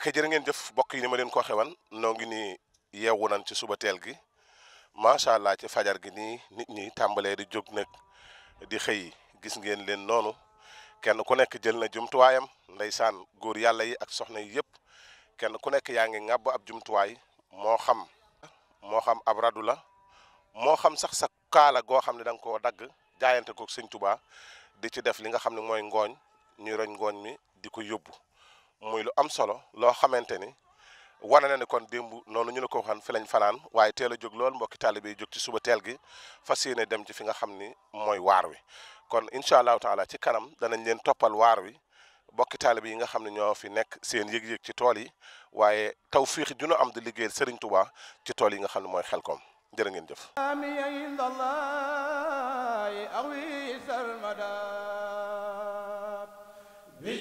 ak jërë ngeen jëf mbokk yi ni ma leen ko waxee woon noo ngi nii yeewu nañ ci suba teel gi macha allah ci fajar gi nii nit ñi tàmbalee di jóg nag di xëy gis ngeen leen noonu kenn ku nekk jël na jumtuwaayam ndeysaan góor yàlla yi ak soxna yi yëpp kenn ku nekk yaa ngi ŋàbb ab jumtuwaay moo xam moo xam ab radu la moo xam sax sa kaala goo xam ne da ko dagg jaayante ko sëñ Tuubaa di ci def li nga xam ne mooy ngooñ ñuy roñ ngooñ mi di ko yóbbu muy lu am solo loo xamante ni wane na ne kon démb noonu ñu la ko waxoon fi lañ fanaan waaye teel a jóg lool mbokki taalibe yi jóg ci suba teel gi fas yéene dem ci fi nga xam ni mooy waar wi kon incha allah taala ci kanam danañ leen toppal waar wi mbokki taalibe yi nga xam ne ñoo fi nekk seen yëg-yëg ci tool yi waaye tawfiix ju nu am di liggéey Serigne Touba ci tool yi nga xam ne mooy xel xelkom jërë ngeen jëf bi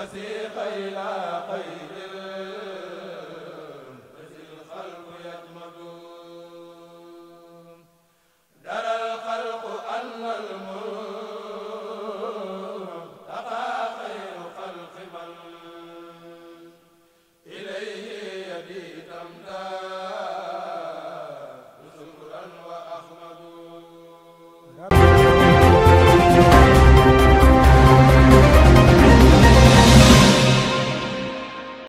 wasi xayla xayl